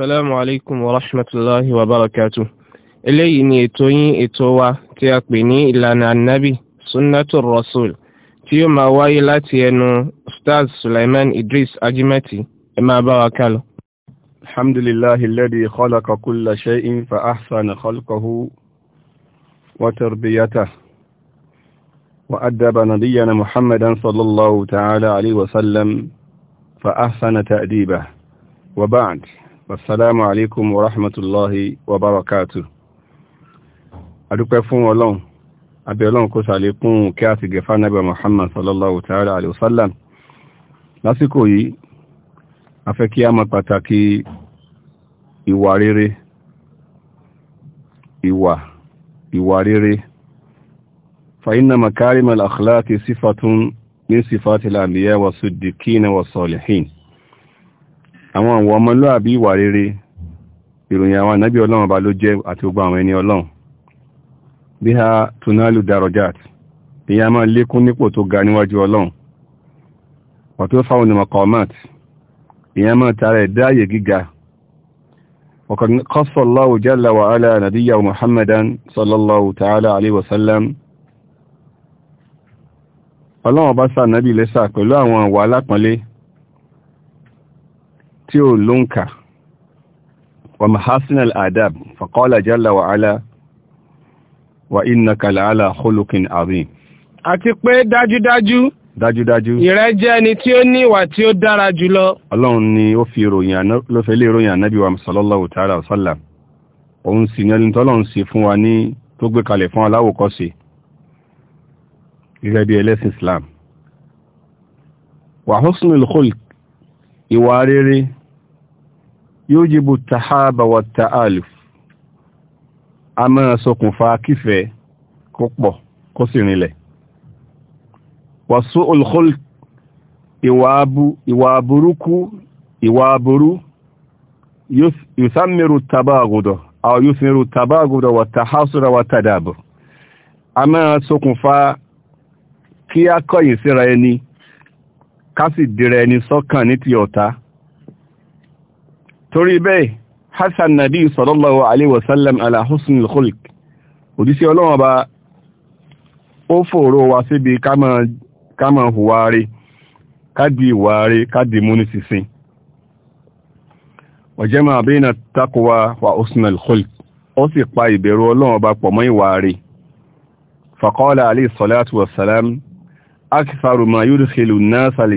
السلام عليكم ورحمة الله وبركاته إلي إني إتوين إتوى تيقبني إلا النبي سنة الرسول تيو ما واي لا تينو أستاذ سليمان إدريس أجمتي إما بركاله الحمد لله الذي خلق كل شيء فأحسن خلقه وتربيته وأدب نبينا محمدا صلى الله تعالى عليه وسلم فأحسن تأديبه وبعد wasalaamu alaikum wa rahmatulahi wa barakatu adúpẹ́ fún ọlọ́run abẹ́ ọlọ́run kó sàlékún kí a ti gẹ̀fà náà Muhammad sallallahu ta'ala alaihi wasallam lásìkò yìí a fẹ́ kí a mọ̀ pàtàkì ìwà rere ìwà ìwà rere fa inna makarimal akhlaqi sifatun min sifatil anbiya wa siddiqina wa salihin àwọn àwọn ọmọlúàbí ìwà rere ìròyìn àwọn ànábí ọlọ́run ọba ló jẹ́ àti gbogbo àwọn ẹni ọlọ́run bí a tunalu darajat èyí a máa lékún nípò tó ga níwájú ọlọ́run ọ̀tọ́ fáwọn قص الله جل وعلا نبيه محمدا صلى الله تعالى عليه وسلم ọlọ́wọ̀n bá sáà nábì lẹ́sà pẹ̀lú àwọn àwà alápọ̀lé tí ó lóǹkà wa mahasin al'adab faqala jalla wa ala wa innaka la'ala khuluqin azim àti pé dájúdájú dájúdájú ìrẹ́ jẹ́ ẹni tí ó ní ìwà tí ó dára jùlọ ọlọ́run ni ó fi ròyìn ló sallallahu ta'ala sallam òun sì ní ẹni tọ́lọ́run fún wa ní tó gbé kalẹ̀ fún aláwòkọ́ṣe gẹ́gẹ́ bí ẹlẹ́sìn Islam wa husnul khulq ìwà rere yóò jìbò tàhábà wà tààlù a máa ṣokùnfà kífẹ́ kó pọ̀ kó sì rinlẹ̀ wàsó olùkọ́l ìwà burúkú ìwà burú yùsàmìrù tàbáàgùdọ̀ àwọn yùsàmìrù tàbáàgùdọ̀ wà tàhásùra wà tàdàbù a máa ṣokùnfà kí a kọ̀yìn síra ẹni ká sì dìrẹ ẹni sọ́kàn ní ti ọ̀tá torí bẹ́ẹ̀ hassan nabi sallallahu alaihi wasallam ala husnul khulq òdísí ọlọ́wọ́ bá ó fòró wa síbi kámọ̀ huwari kádì ìwàrí kádì múni sísin wajama bayna taqwa wa husnul khulq ó sì pa ìbẹ̀rù ọlọ́wọ́ bá pọ̀ mọ́ ìwàrí faqala alaihi salatu wasalam akitharu ma yudkhilu an-nasa al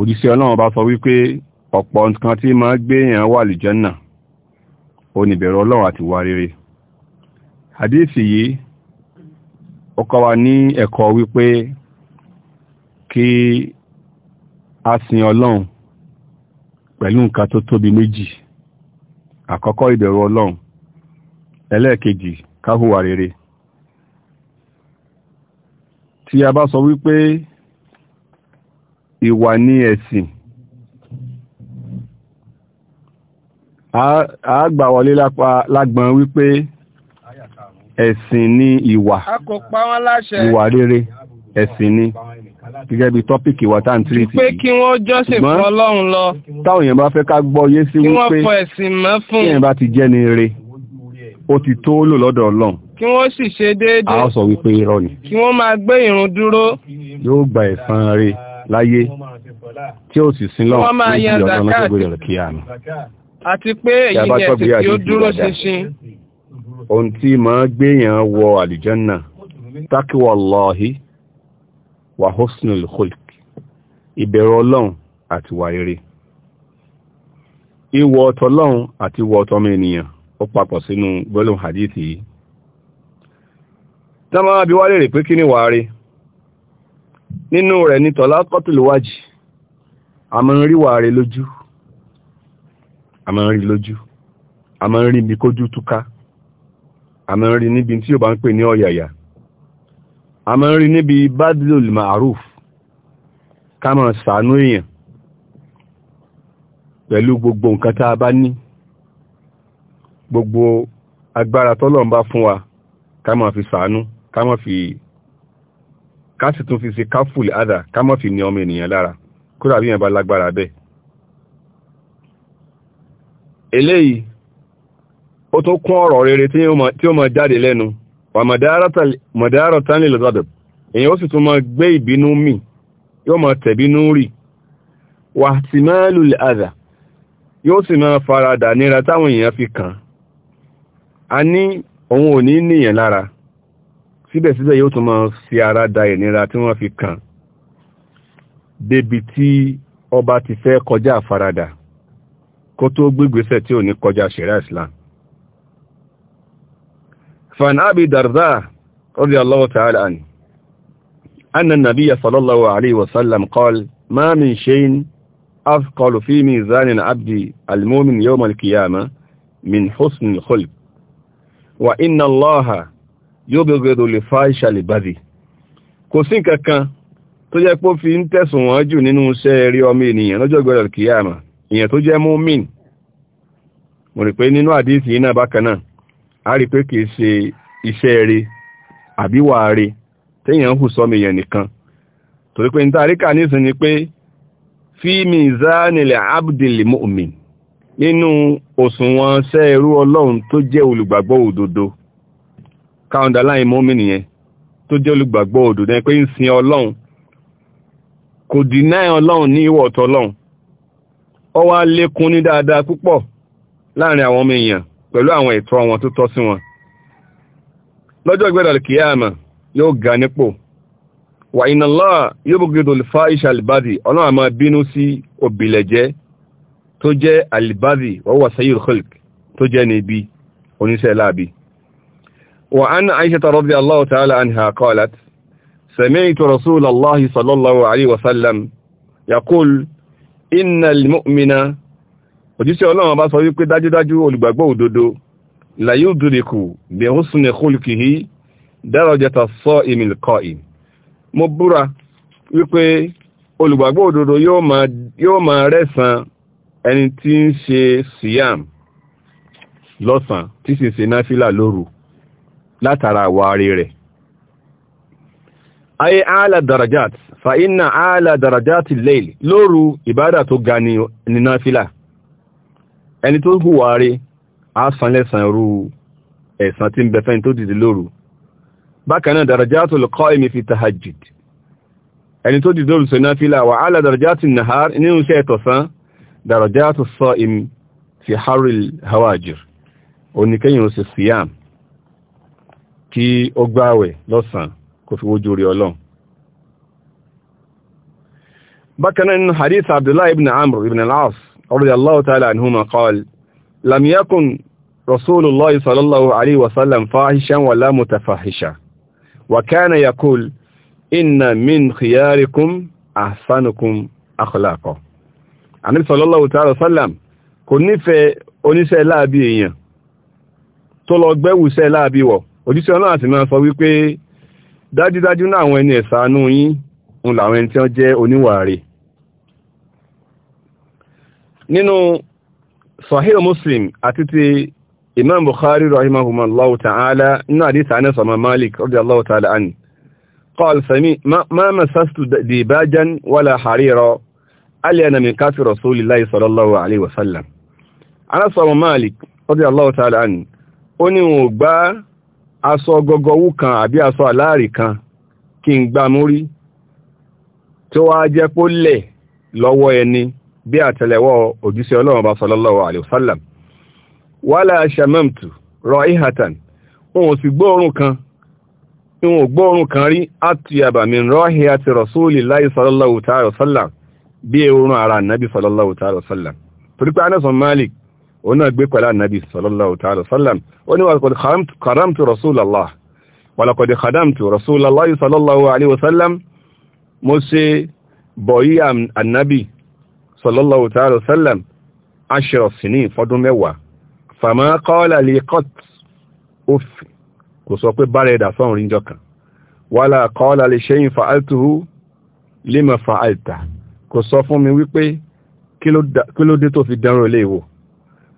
òjíṣẹ́ ọlọ́run bá sọ wípé ọ̀pọ̀ nǹkan tí máa gbé èèyàn wà lìjẹ́nà ó ní bẹ̀rù ọlọ́run àti wà rere àdíìsì yìí ó kọ́ wa ní ẹ̀kọ́ wípé kí a sin ọlọ́run pẹ̀lú nǹkan tó tóbi méjì àkọ́kọ́ ìbẹ̀rù ọlọ́run ẹlẹ́ẹ̀kejì ká rere tí a bá sọ wípé ìwà ní ẹ̀sìn àágbà wọlé lágbọn wípé ẹ̀sìn ni ìwà ìwà rere ẹ̀sìn ni gẹ́gẹ́ bí tọ́pìkì wà tá ń tírí ti pé kí wọ́n jọ́sìn fún ọlọ́run lọ táwọn èèyàn bá fẹ́ ká gbọ́ yé sí wípé kí wọ́n fọ ẹ̀sìn mọ́ fún èèyàn bá ti jẹ́ ni re ó ti tó lò lọ́dọ̀ ọlọ́run kí wọ́n sì ṣe déédéé àwọn sọ wípé irọ́ ni kí wọ́n máa gbé ìrun dúró yóò gba ẹ̀san rẹ̀ láyé tí ó sì sin lọ́wọ́ ní ìdí ọjọ́ náà gbogbo rẹ̀ kí àmì. àti pé èyí ni ẹ̀sìn tí ó dúró ṣinṣin. ohun tí máa gbéyàn wọ àlìjánà takiwallahi wa husnul khulq ìbẹ̀rù ọlọ́run àti wà rere ìwọ ọ̀tọ̀lọ́run àti ìwọ ọ̀tọ̀mọ ènìyàn ó papọ̀ sínú gbólóhùn hadithi yìí. tí wọ́n máa bí wálé rè pé kí ni wàá rí nínú rẹ̀ ni tọ̀lá kọ́tùlùwájì àmọ́ríwà rẹ̀ lójú àmọ́rí lójú àmọ́rí ibi kójú túká àmọ́rí níbi tí ó bá ń pè ní ọ̀yàyà àmọ́rí níbi badlul ma'ruf kámọ̀ sàánú èèyàn pẹ̀lú gbogbo nǹkan tá a bá ní gbogbo agbára tọ́lọ̀ ń bá fún wa kámọ̀ fi sàánú kámọ̀ fi ká sì tún fi ṣe káfùl àdà ká mọ́ fi ní ọmọ ènìyàn lára kódà bí yẹn bá lágbára bẹ́ẹ̀ eléyìí ó tún kún ọ̀rọ̀ rere tí ó mọ jáde lẹ́nu wà mọ̀dáárọ̀ tánlẹ̀ lọ́dọ̀ èyàn ó sì tún mọ gbé ìbínú mì yóò mọ tẹ̀bínú rì wà sí máa lulẹ̀ yóò sì máa faradà níra táwọn èèyàn fi kàn á ní òun ò ní níyàn lára síbẹ̀síbẹ̀ yóò tún máa fi ara da ìnira tí wọ́n fi kàn débi tí ọba ti fẹ́ kọjá àfaradà kó tó gbígbésẹ̀ tí ò ní kọjá ṣẹ̀rá islam fan abi darda radiyallahu ta'ala an anna nabiyya sallallahu في ميزان العبد المؤمن يوم القيامة من حسن الخلق وإن الله yóò bẹ̀rẹ̀ tó lè fa ìṣàlẹ̀ bàdì kò sí nǹkan tó jẹ́ pé fi ń tẹ̀sùn wọn jù nínú iṣẹ́ rí ọmọ ènìyàn lọ́jọ́ ìgbẹ̀rẹ̀ kìíyàmà ìyẹn tó jẹ́ múmin mo rí pé nínú àdíìsì iná bákan náà a rí pé kìí ṣe iṣẹ́ rí àbíwà rí téèyàn hù sọmọ èèyàn nìkan torí pé níta ríkà nísìn ni pé fíìmì zanilẹ̀ abdul mu'min nínú òṣùwọ̀n ṣẹ́ ọlọ́run tó jẹ́ olùgbàgbọ́ òdodo káwọ̀ndà láì mọ́mí nìyẹn tó jẹ́ olùgbàgbọ́ òdòdó pé ń sin ọlọ́run kò dínà ọlọ́run ní ìwọ̀ ọ̀tọ̀ ọlọ́run ó wá lékún ní dáadáa púpọ̀ láàrin àwọn ọmọ èèyàn pẹ̀lú àwọn ẹ̀tọ́ wọn tó tọ́ sí wọn lọ́jọ́ ìgbẹ́dà kìíyàmà yóò ga nípò wà iná lọ́à yóò bókèdò fa iṣẹ́ alìbádì ọlọ́run àmà bínú oníṣẹ́ láàbí وعن عائشة رضي الله تعالى عنها قالت سمعت رسول الله صلى الله عليه وسلم يقول إن المؤمن òjíṣẹ́ ọlọ́run bá sọ wípé dájúdájú olùgbàgbọ́ òdodo la yóò dúrikù bí ó súnni kúlùkìí dárọjẹta sọ ìmìlìkọ́ ì mo búra wípé olùgbàgbọ́ òdodo yóò máa rẹ̀san ẹni tí ń ṣe siam lọ́sàn tí sì ṣe náfílà lóru látara àwárí rẹ̀ ayé ààlà darajat fa iná ààlà darajat leil lóru ìbádà tó ga ní náfílà ẹni tó hùwà rí àásánlẹ̀sàn irú ẹ̀sàn tí ń bẹ̀fẹ́ tó dìde lóru bákanáà darajat olùkọ́ imi fi tahajjid ẹni tó dìde lóru sọ náfílà wà ààlà darajat nahar nínú iṣẹ́ ẹ̀tọ̀sán darajat sọ imi fi haril hawajir oníkẹ́yìn ó ṣe siyam kí ó gbáwẹ̀ lọ́sàn kó fi wójú rí ọlọ́run bákanáà nínú hadith abdullahi ibn amr ibn al-as radiyallahu ta'ala anhuma qala lam yakun rasulullah sallallahu alaihi wasallam fahishan wala mutafahisha wa kana yaqul inna min khiyarikum ahsanukum akhlaqa anabi sallallahu ta'ala sallam kò nífẹ̀ẹ́ oníṣẹ́ láàbí èèyàn tó lọ gbẹ́wùsẹ́ láàbí wọ̀ òjíṣẹ́ ọlọ́run àti náà sọ wípé dájúdájú náà àwọn ẹni ẹ̀sánú yín ń làwọn ẹni tí wọ́n jẹ́ oníwàárẹ̀ nínú sahih muslim àti ti imam bukhari rahimahumullahu ta'ala nínú àdíta anas ọmọ malik radiyallahu ta'ala an qal sami ma masastu dibajan wala harira aliyana min kafi rasulillahi sallallahu alaihi wasallam anas ọmọ malik radiyallahu ta'ala an gbá aṣọ gọgọwú kan àbí aṣọ aláàrí kan kí n gbá mú rí tí ó wá jẹ́ pó lẹ̀ lọ́wọ́ ẹni bí àtẹ́lẹwọ́ òjíṣẹ́ ọlọ́run bá sallallahu alaihi wasallam wala shamamtu raihatan òun sì gbóòrùn kan ìwọ̀n gbóòrùn kan rí atiyaba min raihati rasulillahi sallallahu ta'ala wasallam bí orun ara nàbí sallallahu ta'ala torípé anẹ́sàn malik òun náà gbé pẹ̀lú ànábì sallallahu ta'ala sallam ó ní wàlọ́kọ̀dé kàdámtù rasulallah wàlọ́kọ̀dé kàdámtù rasulallah sallallahu alayhi wa sallam mo ṣe bọ̀yí ànábì sallallahu ta'ala sallam ashra sinin fọdún mẹ́wàá fàmà qala li qat uff kò sọ pé bára ẹ̀dà fọ́n rí jọkàn wàlá qala li shay'in fa'altuhu lima fa'alta kò sọ fún mi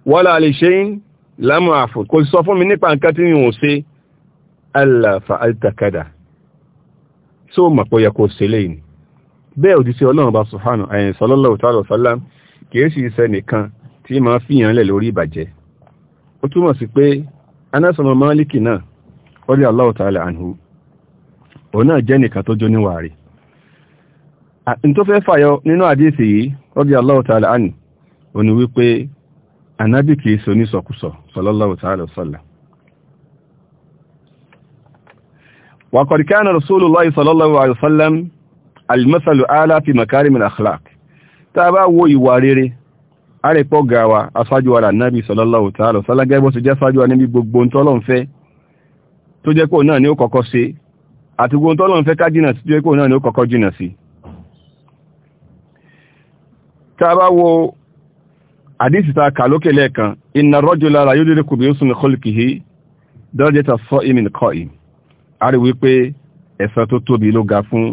wala lè ṣe ń lámù àfò kò sọ fún mi nípa nǹkan tí yíò ṣe aláfà altakada tó mọ̀ pọ̀ yẹ kò ṣe lè ní bẹ́ẹ̀ òjíṣẹ́ ọlọ́run bá sùhánù àyìn sallallahu ta'ala sallam kìí sì iṣẹ́ nìkan ma fi hàn lẹ̀ lórí ìbàjẹ́ ó túmọ̀ pe pé anásọ̀nà máàlìkì náà ó rí ta'ala anhu òun náà jẹ́ tojo n'iwari. fàyọ nínú àdíìsì yìí ó rí Allahu ta'ala wípé ànábì kìí so ní sọkúsọ sallallahu ta'ala sọ́lá wa qad kana rasulullahi sallallahu alayhi wa sallam al-mathalu ala fi makarim al-akhlaq tá bá wo ìwà rere àrẹ̀pọ̀ gawa aṣájú ara nábi sallallahu ta'ala sọ́lá gẹ́gbọ́ sí jẹ́ sájú níbi gbogbo tọ́lọ́n fẹ́ tó jẹ́ kó náà ni ó kọ́kọ́ ṣe àdísì ta kà lókè lẹ́ẹ̀kan iná rọ́jò lára yóò dédé kùbí oṣù nìkọlùkìhí dọ́jẹ́ta sọ ìmìn kọ́ ì a rí wípé ẹ̀san tó tóbi ló ga fún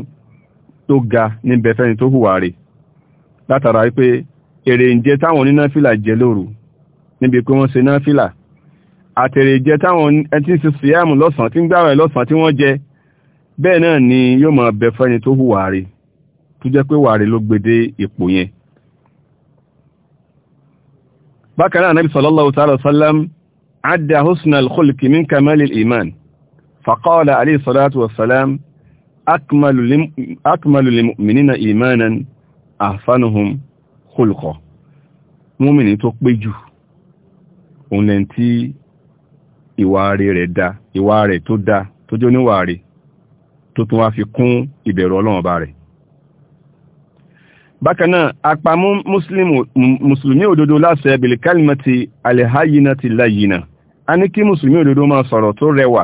tó ga ní bẹ̀fẹ́ni tó hùwà rẹ̀ látara wípé èrè ìjẹ táwọn onínáfìlà jẹ lóru níbi pé wọ́n ṣe náfìlà àtèrè ìjẹ táwọn ẹtí ṣe síyàmù lọ́sàn tí ń gbààwẹ̀ lọ́sàn tí wọ́n jẹ bẹ́ẹ̀ náà ni yóò máa bẹ̀fẹ́ni tó hùwà rẹ̀ tó jẹ́ pé wà rẹ̀ ló gbede ipò yẹn bákan náà nabi sallallahu ta'ala sallam adda husna al-khulki min kamal al-iman faqala alayhi salatu wa salam akmalu limu'minina imanan ahsanuhum khulqa mu'mini tó péjú òun lẹ́n tí ìwà rẹ̀ dá ìwà rẹ̀ tó dá tó jẹ́ oníwà rẹ̀ tó tún fi kún ìbẹ̀rù ọlọ́run ọba rẹ̀ bákanáà apamú mùsùlùmí òdodo láṣẹ bìlìkálìmọ̀ ti alẹ́háyínà ti láyínà a ní kí mùsùlùmí òdodo máa sọ̀rọ̀ tó rẹwà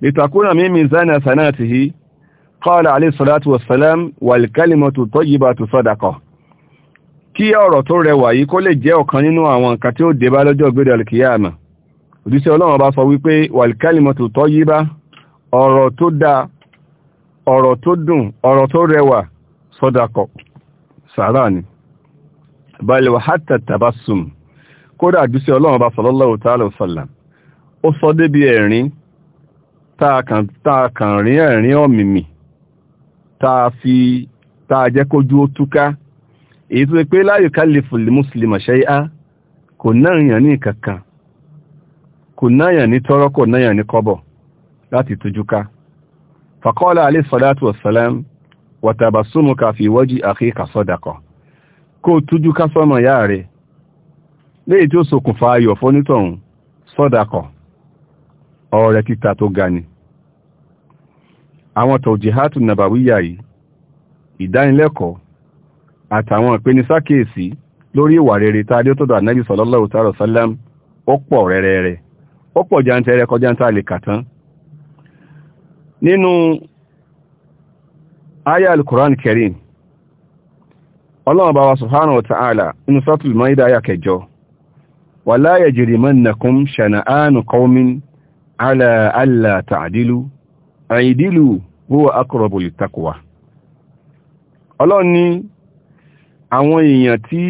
litakuna mímí zana sanatihi qala alayhi salatu wassalam wal kalimatu tayyibatu sadaqa kí ọ̀rọ̀ tó rẹwà yìí kó lè jẹ́ ọ̀kan nínú àwọn nǹkan tí ó dé bá lọ́jọ́ gbédọ̀ sàárà ni balẹ̀ wà hátà tabassum kódà àdúsí ọlọ́run bá sallallahu ta'ala wa sallam ó sọ débi ẹ̀rín tààkàn rí ẹ̀rín ọ̀mìmì tàà fi tàà jẹ́ kójú ó túká èyí tó pé la yukallifu al-muslima shay'a kò náà yàn ní kankan kò náà yàn ní tọ́rọ́ kò náà ní kọ́bọ̀ láti tójú ká faqala alayhi salatu wataaba su muka fi iwoji ake ka so kọ ko tuju ka ya na yare ndị o sokunfa ayọ funetọrụ so da kọ ọrụ tita to gani awọn to ji hatu naba wiya yi ịda ilekọ atawọn apenisa keesi lori warere ta adịotu anagisololowo tarosalem opo rere re opo janta irekọ janta ale aya alukuran kẹrin ọlọ́run bá wa subhanahu wa ta'ala inú sọ́tùl maida ayá kẹjọ wala yajrimannakum shana'anu qawmin ala alla ta'dilu àìdílù huwa aqrabu littaqwa ọlọ́run ní àwọn èèyàn tí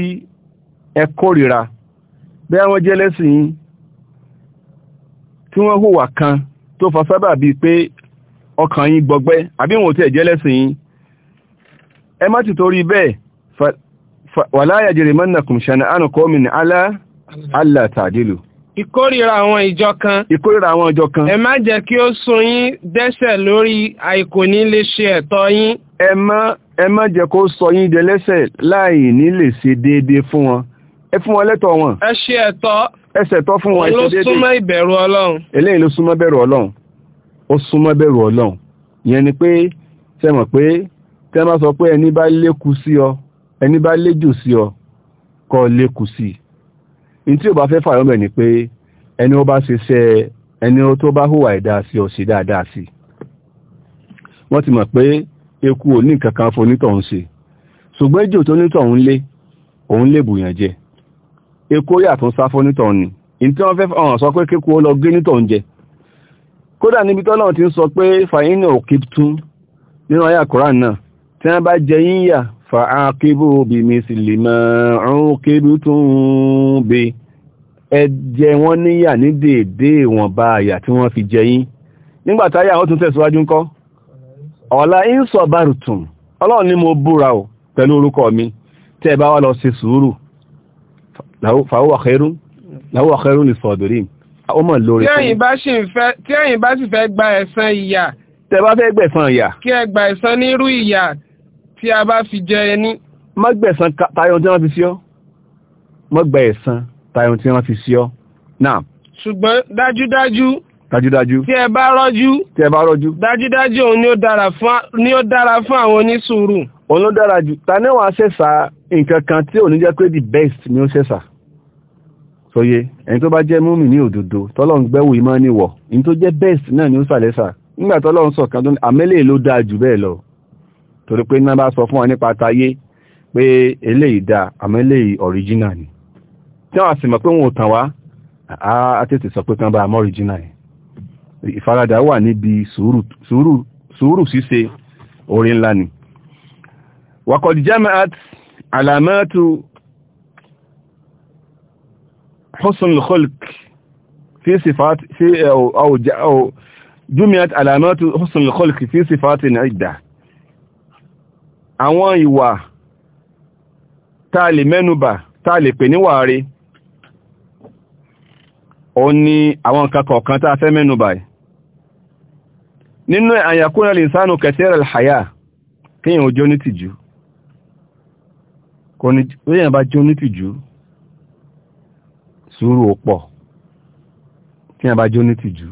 ẹ kórìíra bí àwọn jẹ́lẹ́sìn tí wọ́n hùwà kan tó fa sábà bíi pé ọkàn yín gbọgbẹ́ àbí wọn ò tẹ̀ jẹ́lẹ́sìn ẹ má ti torí bẹ́ẹ̀ wala yajrimannakum shana'anu qawmin ala alla ta'dilu ìkórìíra àwọn ìjọ kan ìkórìíra àwọn ìjọ kan ẹ má jẹ́ kí ó sún yín dẹ́ṣẹ̀ lórí àìkò ní lè ṣe ẹ̀tọ́ yín ẹ má ẹ má jẹ́ kó sọ yín dẹlẹ́ṣẹ̀ láì ní lè ṣe déédéé fún wọn ẹ fún wọn lẹ́tọ̀ọ́ wọn ẹsẹ̀ tọ́ fún wọn ẹsẹ̀ déédéé eléyìí ló súnmọ́ bẹ̀rù ọlọ́run ó súnmọ́ bẹ̀rù ọlọ́run yẹn ni pé ṣe pé tẹ́ máa sọ pé ẹni bá lékù sí ọ ẹni bá léjò sí ọ kó lékù sí in tí ò bá fẹ́ fàyọ́mẹ̀ ni pé ẹni ó bá ṣe ṣẹ́ ẹni tó bá hùwà ẹ̀dá sí ọ sí dáadáa sí wọ́n ti mọ̀ pé eku ò ní kankan fún onítọ̀hún ṣe ṣùgbọ́n ejò tó nítọ̀hún lé òun lè bùyàn jẹ eku yàtọ̀ sá fún onítọ̀hún ni in tí wọ́n fẹ́ ọ̀hàn sọ pé kíkú lọ gé nítọ̀hún jẹ kódà níbi tọ́lọ́run ti ń sọ pé fàyínà òkè tún nínú ayé àkùrán náà tí wọ́n bá jẹ yín yà fa'aqibu bimisli ma uqibtum bi ẹ jẹ wọ́n níyà ní dèédé ìwọ̀nba àyà tí wọ́n fi jẹ yín nígbàtáyà wọ́n tún tẹ̀síwájú ń kọ́ ọ̀la in sabartum ọlọ́run ni mo búra ò pẹ̀lú orúkọ mi tẹ́ bá wá lọ sí sùúrù fa huwa khairun láwọ́ ọ̀kẹ́rún ní sọ̀dọ̀rí ó mọ̀ lórí tí ẹ̀yin bá sì fẹ́ gba ẹ̀san ìyà tẹ́ bá fẹ́ gbẹ̀san ìyà kí ẹ gba ẹ̀san nírú ìyà tí a bá fi jẹ ẹni. má gbẹ̀san tayọ tí wọ́n fi sí ọ́ má gbà ẹ̀san tayọ tí wọ́n fi sí ọ́ náà. ṣùgbọ́n dájúdájú dájúdájú. tí ẹ bá rọ́jú. tí ẹ bá rọ́jú. dájúdájú òun ni ó dára fún ni ó dára fún àwọn onísùúrù. òun ló dára jù ta ní wàá ṣẹ̀ṣà nǹkan kan tí òun jẹ́ pé the best ni ó ṣẹ̀ṣà. sọye ẹni tó bá jẹ́ múmi ní òdodo tọ́lọ́run gbẹ́wò ìmọ̀ níwọ̀ ẹni tó jẹ́ best náà ni ó ṣàlẹ́ṣà nígbà tọ́lọ́run sọ̀kan tó ní àmẹ́lẹ́ ló dáa jù bẹ́ẹ̀ lọ torí pé náà bá sọ fún ọ nípa tayé pé eléyìí dáa àmọ́ eléyìí original ni tí wọ́n sì mọ̀ pé wọn ò tàn wá a tètè sọ pé tán bá àmọ́ original yìí ìfaradà wà níbi sùúrù ṣíṣe orí ńlá ni wakọ̀dì jama'at alamatu fi sifat fi au jami'at alamatu husnul khulq fi sifatin àwọn ìwà tá a lè mẹ́nubà tá a lè pè níwà rí ó ní àwọn nǹkan kọ̀ọ̀kan tá a fẹ́ mẹ́nubà nínú àyàkúnrẹ̀ lè sánú kẹsẹ̀rẹ̀ àyà kíyàn ojú onítìjú kò ní èyàn bá jẹ́ onítìjú sùúrù ó pọ̀ kíyàn bá jẹ́ onítìjú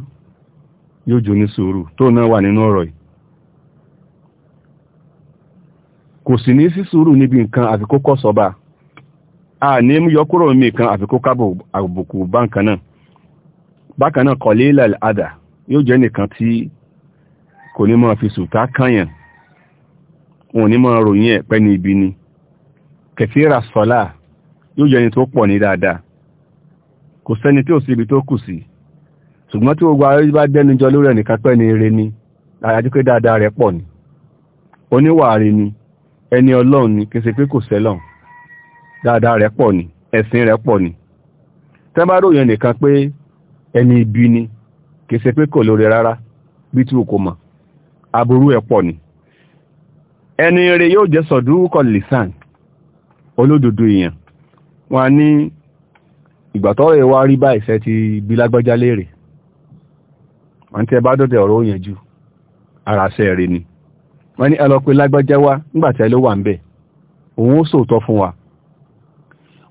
yóò jẹ́ onísùúrù tó náà wà nínú ọ̀rọ̀ yìí kòsì ní sísúrù níbi nǹkan àfikó kọ́ a ní yọkúrò mi kan àfikó kábò àbùkù bákan náà bákan náà kọ̀lé ilẹ̀ àdà yóò jẹ́ nìkan tí kò ní máa fi sùtá kányàn wọn ní máa ròyìn ẹ̀ ní ibi ni yóò jẹ́ ni tó pọ̀ ní dáadáa ibi tó kù sí ṣùgbọ́n gbogbo ayé bá dẹ́nu jọ lórí pẹ́ ire ni àyájú pé dáadáa rẹ̀ pọ̀ ni ni ẹni ọlọ́run ni kí n ṣe pé kò sẹ́lọ̀n dáadáa rẹ̀ pọ̀ ni ẹ̀sìn rẹ̀ pọ̀ ni tẹ́bárò yẹn nìkan pé ẹni ibi ni kì í ṣe pé kò lóore rárá bí tí o kò mọ̀ aburú ẹ̀ pọ̀ ni ẹni rẹ̀ yóò jẹ́ sọ̀dúrúkọ lisan olódodo èèyàn wọn ní ìgbàtọ́rọ̀ ìwá rí bá ìṣẹ́ ti bí lágbájá léèrè wọn tí bá dọ̀dẹ̀ ọ̀rọ̀ òyìnjú ara ṣẹ́ ni wọ́n ní ẹlọ́pẹ́ lágbájá wá nígbàtí wà ń bẹ̀ òun ó fún wa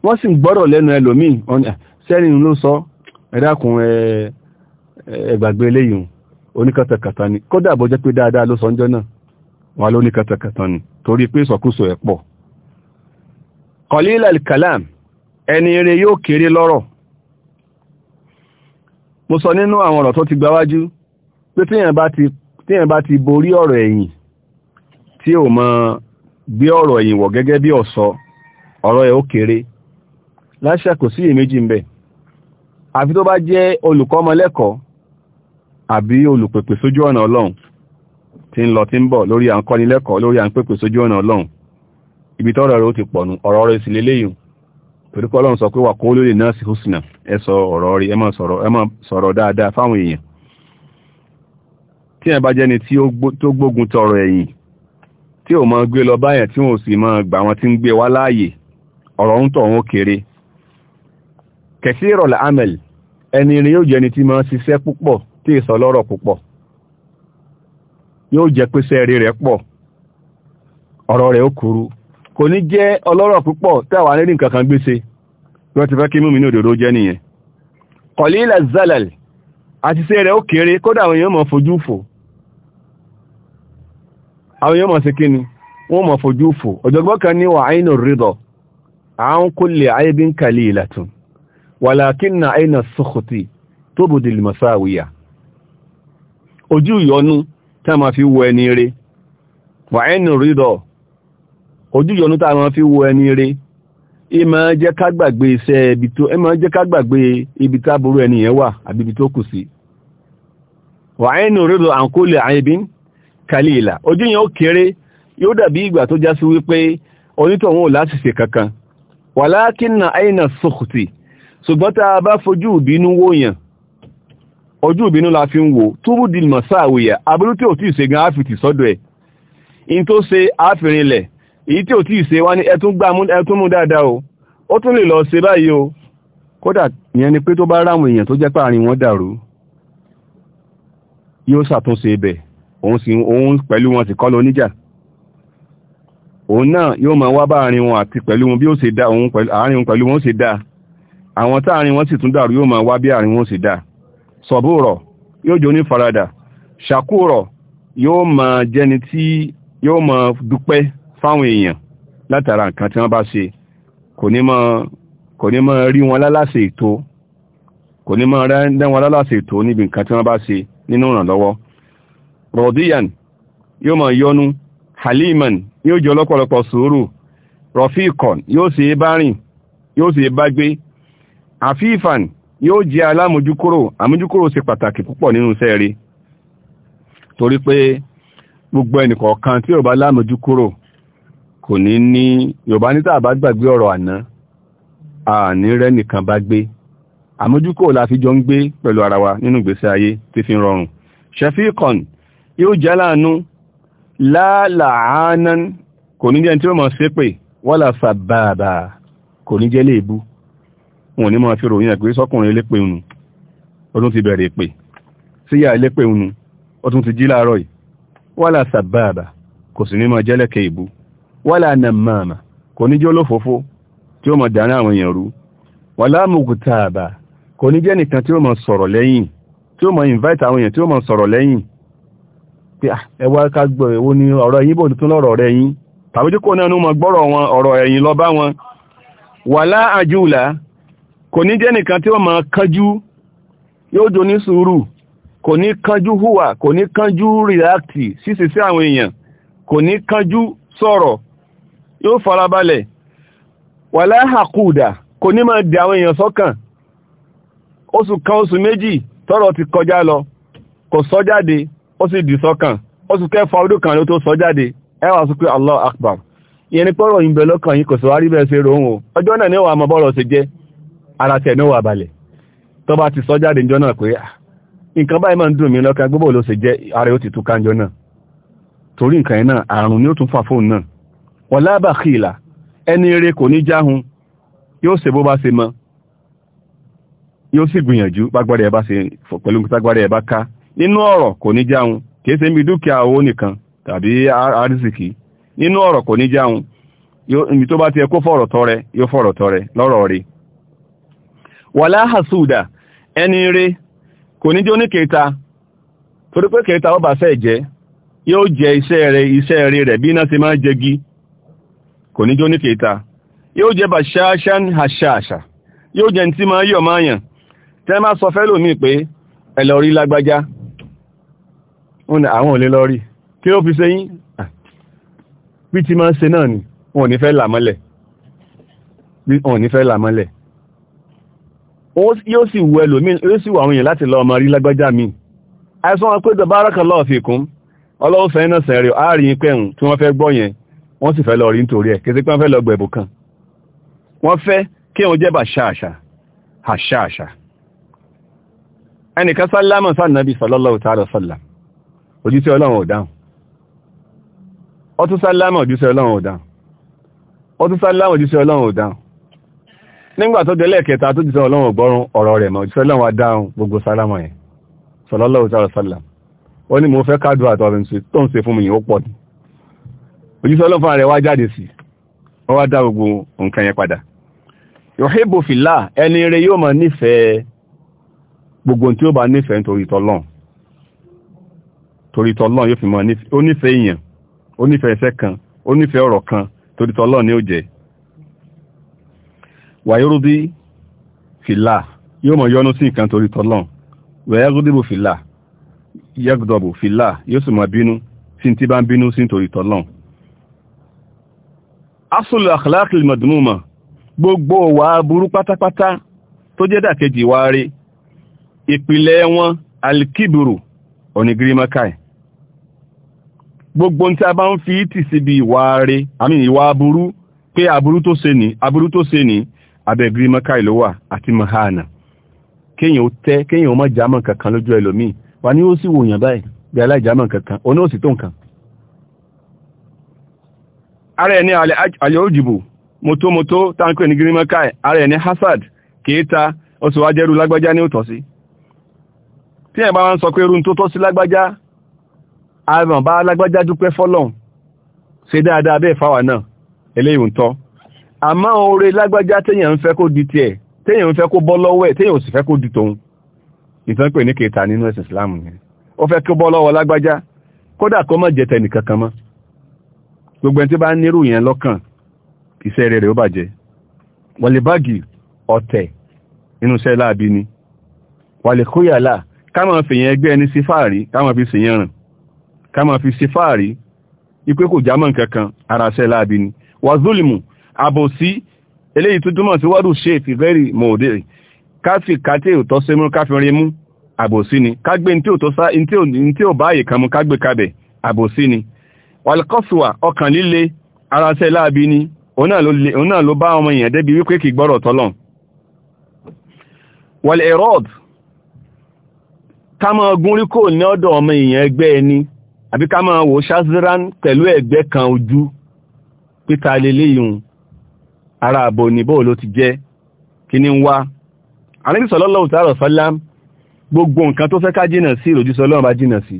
wọ́n sì gbọ́rọ̀ lẹ́nu ẹlòmíì sẹ́rin ah, ló sọ ẹ̀dákun ẹgbàgbé eléyìí oníkatakata ni jẹ́ pé dáadáa ló sọ náà torí pé ẹ̀ pọ̀ ti borí ọ̀rọ̀ ẹ̀yìn tí o mọ gbé ọ̀rọ̀ ẹ̀yìn wọ̀ gẹ́gẹ́ bí ọ̀sọ ọ̀rọ̀ ẹ̀ ó kéré láṣà kò sí èméjì ń bẹ̀ àfi tó bá jẹ́ olùkọ́ àbí olùpèpè sójú ọ̀nà ọlọ́run ti ń lọ tí ń bọ̀ lórí à ń kọ́ni lẹ́kọ̀ọ́ lórí à ń pèpè ibi tọ́rọ̀ rẹ̀ ó ti pọ̀nù ọ̀rọ̀ rẹ̀ sì torí kọ́ sọ pé wà kó náà sí húsìnà ẹ sọ ọ̀rọ̀ rí ẹ sọ̀rọ̀ dáadáa fáwọn èèyàn tí ẹ tí ò máa gbé lọ báyẹn tí wọn ò sì máa gbà wọn tí ń gbé wá láàyè ọ̀rọ̀ ń tọ̀ wọn kéré kẹsí ìrọ̀lẹ̀ amẹ̀lì ẹni rí yóò jẹ́ ni tí máa ṣiṣẹ́ púpọ̀ tí ìsọ lọ́rọ̀ púpọ̀ yóò jẹ́ pé sẹ́ẹ̀rí rẹ̀ pọ̀ ọ̀rọ̀ rẹ̀ ó kúrú kò ní jẹ́ ọlọ́rọ̀ púpọ̀ tẹ́wàá nírí nǹkan kan gbéṣe bí wọ́n ti fẹ́ kí mú mi ní òdòdó jẹ́ nìyẹn kọ̀lí ilẹ̀ zalal àti sẹ́ẹ̀rẹ̀ ó kéré kódà àwọn èèyàn mọ̀ fojú fò àwọn yóò mọ̀ sí kí ni wọ́n mọ̀ fojú fò ọ̀jọ̀gbọ́n kan ní wà áìnà rídọ̀ àwọn kò lè ayébí ń kàlí ìlàtún wà láàkín na áìnà sọ́kùtì tó bòdì lìmọ̀sáwìyà ojú ìyọnú tá ma fi wo ẹni rẹ̀ wà áìnà rídọ̀ ojú ìyọnú tá ma fi wo ẹni rẹ̀ ẹ máa jẹ́ ká gbàgbé iṣẹ́ ibi tó kù sí wà áìnà rídọ̀ àǹkó lè ayébí kàlíìlà ojú yẹn ó kéré yóò dàbí ìgbà tó já sí wípé onítọ̀hún ò láṣìṣe kankan wàlákínà àìnà sọ̀kùtì ṣùgbọ́n tá a bá fojú ìbínú wòyàn ojú ìbínú la fi ń wò túbú di mọ̀sáàwìyà aburú tí ò tí ì ṣe gan áfìtì sọ́dọ̀ ẹ̀ in tó ṣe áfìrinlẹ̀ èyí tí ò tí ì ṣe wá ní ẹtún gbá ẹtún mú dáadáa o ó tún lè lọ ṣe báyìí o kódà ìyẹn ni pé tó bá ráwọn èèyàn tó jẹ́ páàrin wọn dàrú yóò ṣàtúnṣe bẹ́ẹ̀ òun sì òun pẹ̀lú wọn sì kọ́ lọ níjà òun náà yóò máa wá báàrin wọn àti pẹ̀lú wọn bí ó ṣe dá òun pẹ̀lú àárín wọn pẹ̀lú wọn ó ṣe dá àwọn táàrin wọn sì tún dàrú yóò máa wá bí àárín wọn ó ṣe dá sọ̀bùrọ̀ yóò jẹ́ onífaradà ṣàkúrọ̀ yóò máa jẹni tí yóò máa dúpẹ́ fáwọn èèyàn látara nǹkan tí wọ́n bá ṣe kò ní máa kò ní máa rí wọn lálàsè ètò kò ní máa rẹ́ wọn lálàsè ètò níbi nǹkan tí wọ́n bá ṣe nínú ìrànlọ́wọ́ rọ̀díyàn yóò mọ̀ yọnu haliman yóò jọ lọ́pọ̀lọpọ̀ sùúrù rọ̀fíkọ̀n yóò sì bá rìn yóò sì bá gbé àfífàn yóò jẹ́ alámójúkúrò àmójúkúrò ṣe pàtàkì púpọ̀ nínú iṣẹ́ rẹ̀ torí pé gbogbo ẹnìkọ̀ọ̀kan tí yóò bá lámójúkúrò kò ní ní yorùbá ní tàbá gbàgbé ọ̀rọ̀ àná àní rẹ̀ nìkan bá gbé àmójúkúrò la fi jọ ń gbé pẹ̀lú ara wa nínú ìgbésí ayé tí fi ń rọrùn shefikon yóò jẹ́ láàánú láàlàánán kò ní jẹ́ tí ó mọ̀ sí pé wọ́lá sàbàbà kò ní jẹ́ léèbú wọn ni mọ̀ fi ròyìn ẹ̀pẹ́ sọ́kùnrin ilépè unu ó tún ti bẹ̀rẹ̀ pè síyà ilépè unu ó tún ti jí láàárọ̀ yìí wọ́lá sàbàbà kò sì ní mọ̀ jẹ́lẹ̀kẹ́ ìbú wọ́lá nàmàmà kò ní jẹ́ olófófó tí ó mọ̀ dáná àwọn èèyàn rú wọ́lá mùkútàbà kò ní jẹ́ nìkan tí ó mọ̀ sọ̀rọ̀ lẹ́yìn tí ó mọ̀ invite àwọn èèyàn tí ó mọ̀ sọ̀rọ̀ lẹ́yìn pé ah, ẹwà ká gbọ́ èwo ni ọ̀rọ̀ yìí bò tún lọ́rọ̀ rẹ̀ yín tàbí tí kò náà mọ̀ gbọ́rọ̀ wọn ọ̀rọ̀ ẹ̀yìn lọ bá wọn wàlá àjùlá kò ní jẹ́ nìkan tí ó máa kánjú yóò jọ ní sùúrù kò ní kánjú hùwà kò ní ó sì dì sọ́kàn ó sì kẹfà ọdún kan ló tó sọ jáde ẹ sọ pé allah akbar ìyẹn ni pọ́rọ̀ yìí bẹ lọ́kàn yìí kò sì wárí bẹ́ẹ̀ ṣe rohun o ọjọ́ náà ní wàá mọ bọ́rọ̀ ṣe jẹ́ ara tẹ̀ ní wàá balẹ̀ tó bá ti sọ jáde ìjọ náà pé nǹkan báyìí máa ń dùn mí lọ́kàn gbogbo ló ṣe jẹ́ ara yóò ti tú kánjọ náà torí nǹkan yẹn náà àrùn ni ó tún fà fóun náà wọ́n lábà kìlà ẹni eré kò ní jáhun yóò ṣe bó bá ṣe mọ yóò sì gbìyànjú gbágbára ẹ bá ṣe pẹ̀lú gbágbára ẹ bá ká nínú ọ̀rọ̀ kò ní jáun kìí ṣe níbi dúkìá owó nìkan tàbí àrísìkí nínú ọ̀rọ̀ kò ní jáun tó bá ti ẹkó fọ̀rọ̀ tọrẹ yóò fọ̀rọ̀ lọ́rọ̀ rí wà hasuda ẹni rí kò ní torí pé kẹta ọba fẹ́ jẹ́ yóò jẹ iṣẹ́ rẹ̀ iṣẹ́ rí bí iná ti máa gí kò ní jẹ́ oníkẹta yóò jẹ yóò ní wọ́n ní àwọn olè lọ rí kí ló fi ṣe yín ah. bí ti máa ń ṣe náà ni wọn ò ní fẹ́ làmọ́lẹ̀ wọn ò ní fẹ́ làmọ́lẹ̀ yóò sì wù ẹlòmíì yóò sì wù àwọn èèyàn láti lọ ọmọ rí lágbájá mi àìsàn wọn pé barakallahu fikum ọlọ́wọ́ fẹ́ náà sẹ́rẹ̀ àárín pẹ̀hùn tí wọ́n fẹ́ gbọ́ yẹn wọ́n sì fẹ́ lọ rí nítorí ẹ̀ kété pé wọ́n fẹ́ lọ gbẹ̀bù kan wọ́n fẹ́ kí wọ́n jẹ́ bàṣáàṣà ẹnìkan sálámà sáà nàbí sallallahu òjíṣẹ́ ọlọ́run ò dáhùn ó tún sálámà òjíṣẹ́ ọlọ́run ò dáhùn ó tún sálámà òjíṣẹ́ ọlọ́run ò dáhùn nígbà tó délẹ̀ kẹta tó jíṣẹ́ ọlọ́run gbọ́rún ọ̀rọ̀ rẹ̀ mọ̀ òjíṣẹ́ ọlọ́run wá dáhùn gbogbo sálámà yẹn sallallahu ta'ala sallam ó ní mo fẹ́ kádùá àtọ̀rìn sí tó ń ṣe fún mi yìí ó pọ̀ ní òjíṣẹ́ ọlọ́run fún ààrẹ wá jáde sí ó wá dá gbogbo nǹkan torí tọ́lọ́ yóò fi mọ̀ ó nífẹ̀ẹ́ èèyàn ó nífẹ̀ẹ́ ẹsẹ̀ kan ó nífẹ̀ẹ́ ọ̀rọ̀ kan torí tọ́lọ́ ni ó jẹ́ wàyórúbí fìlà yóò mọ̀ yọnu sí nǹkan torí tọ́lọ́ wẹ̀ẹ́rúdìbò fìlà yẹ́gùdọ̀bù fìlà yóò sì mọ̀ bínú sí ti bá ń bínú sí torí tọ́lọ́ asùlù àkàlákìlì mọ̀dúnmọ̀ gbogbo wà burú pátápátá tó jẹ́ dàkejì wa rí ìpìlẹ̀ wọn alkibiru onígírímọ́káì gbogbo tí a bá ń fi tì síbi ìwà rẹ àmì ìwà aburú pé aburú tó ṣe ní aburú tó ṣe ní abẹ́gírí mọ́ká ìlú àti mahana kéèyàn ó tẹ́ kéèyàn ó mọ́ jámọ̀ kankan lójú ẹlòmíì wà ní ó sì wòyàn báyìí bí aláìjámọ̀ kankan oní òsì tó nǹkan ara ẹni ara ẹni kéèta ó sì wá jẹ́rú lágbájá ní òtọ́sí tí ẹ̀ bá àmọ̀ bá alágbájá dúpẹ́ fọ́lọ́hun ṣe dáadáa bẹ́ẹ̀ fáwà náà eléyìí ń tọ́ àmọ́ oore lágbájá téèyàn ń fẹ́ kó di tiẹ̀ téèyàn ń fẹ́ kó bọ́ lọ́wọ́ ẹ̀ téèyàn ò sì fẹ́ kó di tòun ìtàn ní kẹta nínú ẹ̀sìn Islam yẹn ó fẹ́ kó bọ́ lọ́wọ́ lágbájá kódà kó má jẹ tẹnìkan kan mọ́ gbogbo ẹni tí bá nírú yẹn lọ́kàn iṣẹ́ rere ó bàjẹ́ wọlé báàgì ọ̀tẹ̀ inú iṣẹ́ káwọn fèèyàn ẹgbẹ́ ẹni sí fáàrí káwọn fi sèyàn rìn kama fi sifari ipe ko ja kankan ara se labi ni wa zulimu abosi eleyi to dumo si wadu she fi very mode ka fi kate o to se mu abosi ni ka gbe nti o to sa nti o nti o baaye mu ka gbe abosi ni wal okan lile ara se labi ni ona lo ba omo yan de bi wi pe ki gboro tolon wal irad tama gun ko ni odo omo yan egbe ni àbí ká máa wò ṣáṣírán pẹ̀lú ẹ̀gbẹ́ kan ojú píta lélẹ́yìn ara àbò níbò ló ti jẹ́ kí ní wá Ànábì sallallahu ta'ala sallam gbogbo nǹkan tó fẹ́ ká jìnà sí ìròjúsọ ọlọ́run bá jìnà sí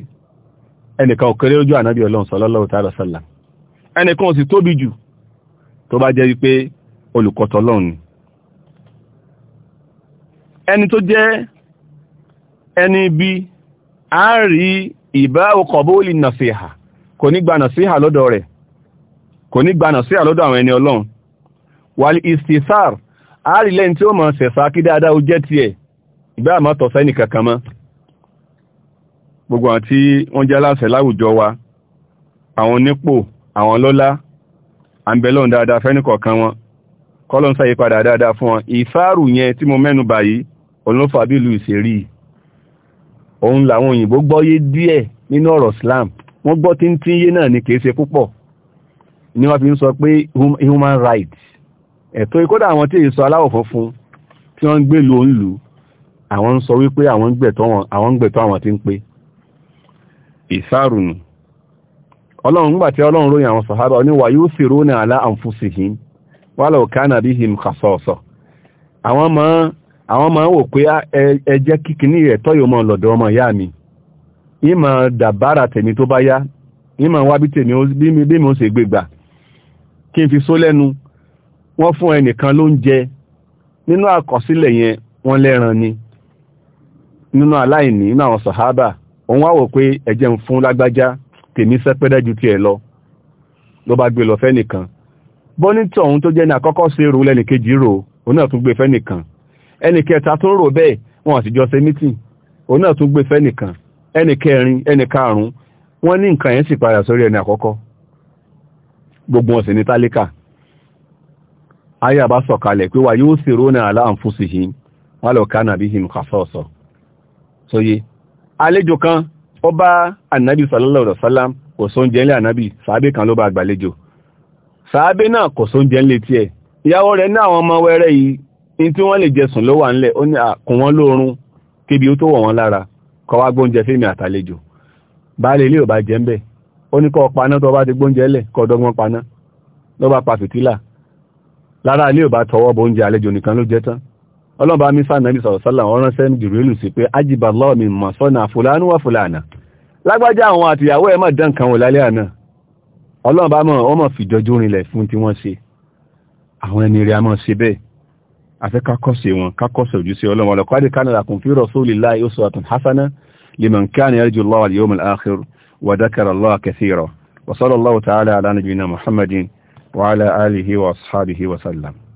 ẹnìkan ò kéré lójú ànábì ọlọ́run sallallahu ta'ala sallam ẹni tó jẹ́ ẹni bí a rí ìbá qabuli nasiha kò ní gba nasiha lọ́dọ̀ rẹ̀ kò ní gba nasiha lọ́dọ̀ àwọn ẹni ọlọ́run wal istithar àrílẹ̀ tí ó mọ̀ sẹ̀sà kí dáadáa ó jẹ́ tiẹ̀ ìbá àmọ́ tọ̀sẹ́ ní kankan mọ́ gbogbo àwọn tí wọ́n jẹ́ aláṣẹ láwùjọ wa àwọn onípò àwọn lọ́lá àǹbẹ̀lọ́n dáadáa fẹ́nìkọ̀ọ̀kan wọn kọ́lọ́n sáyípadà dáadáa fún wọn ìfáàrù yẹn tí mo mẹ́nu bàyí olófàbílù ìṣèrí òun làwọn òyìnbó gbọ́yé díẹ̀ nínú ọ̀rọ̀ Islam wọ́n gbọ́ tí ń tí yé náà ní kìí púpọ̀ ni wọ́n fi ń sọ pé human rights ẹ̀tọ́ ikọ́dà àwọn tí èyí sọ aláwọ̀ funfun tí wọ́n ń gbé lu òǹlù àwọn ń sọ wípé àwọn ń gbẹ̀tọ́ àwọn tí ń pé ìsáàrùnù ọlọ́run gbà tí ọlọ́run ròyìn àwọn sàhábà ní wà yóò sì rónà alá àǹfúsìhìn wà lọ́ọ̀ká nàbí him kàsọ̀ọ̀sọ̀ àwọn máa àwọn máa ń wò pé ah, ẹ jẹ́ ní ẹ̀tọ́ yóò mọ́ lọ́dọ̀ ọmọ ìyá mi ìmọ̀ dàbára tèmi tó bá yá ìmọ̀ wá bí bí mi sì gbégbà kí n fi só lẹ́nu wọ́n fún ẹnìkan ló ń jẹ nínú àkọsílẹ̀ yẹn wọ́n lẹ́ran ni nínú aláìní nínú àwọn sàhábà òun wá wò pé ń fún lágbájá ju tiẹ̀ lọ ló tó jẹ́ ní àkọ́kọ́ sí lẹ́nìkejì òun náà tún gbé ẹnì kẹta tó rò bẹ́ẹ̀ wọn sì jọ ṣe mítìn òun náà tún gbé fẹ́nìkan ẹnì kẹrin ẹnì karùn-ún wọ́n ní nǹkan yẹn sì padà sórí ẹni àkọ́kọ́ gbogbo wọn sì ní tálíkà ayé àbá sọ̀kalẹ̀ pé wà yóò sì rónà aláàfúnsìhìn wọ́n lọ ká nàbí him kàfọ́ọ̀sọ̀ sóyé àlejò kan ó bá ànábì sallallahu alaihi wasallam kò sóúnjẹ ńlẹ̀ ànábì sàábé kan ló bá gbàlejò sàábé náà kò sóúnjẹ ńlẹ̀ tiẹ̀ ìyàwó rẹ̀ ní àwọn ọmọ wẹ́rẹ́ yìí in tí wọ́n lè jẹsùn ló wà ńlẹ̀ ó ní àkùn wọn lóorun kébi ó tó wọ̀ wọn lára kọ wá gbóúnjẹ fèmí àtàlejò baálé ilé ò bá jẹ́ ń bẹ̀ ó ní kọ́ paná tó bá ti gbóúnjẹ lẹ̀ kọ́ dọ́gbọ́n paná ló bá pa fìtílà lára ilé ò bá tọwọ́ bọ oúnjẹ àlejò nìkan ló jẹ́ tán ọlọ́ba mísà nàbí sọ̀rọ̀ sálà wọn ránṣẹ́ jùrìlù sí pé ajíbà lọ́ọ̀mì mọ̀ sọ́nà fúlánú wà fúlànà lágbájá àwọn àtìyàwó ẹ̀ mọ̀ dán wò lálẹ́ àná ọlọ́ba mọ̀ wọ́n fìjọjú rinlẹ̀ fún tí wọ́n ṣe àwọn ẹni rẹ̀ a mọ̀ ṣe bẹ́ẹ̀ afẹ́ kakọ́sẹ̀ wọn kakọ́sẹ̀ ojúṣe ọlọ́run ọlọ́kọ́ adé kánà lakum fi rasulillahi uswatun hasana liman kana yarju Allaha wal yawmal akhir wa dhakara Allaha kathira wa sallallahu ta'ala ala nabiyyina Muhammadin wa ala alihi wa ashabihi wa sallam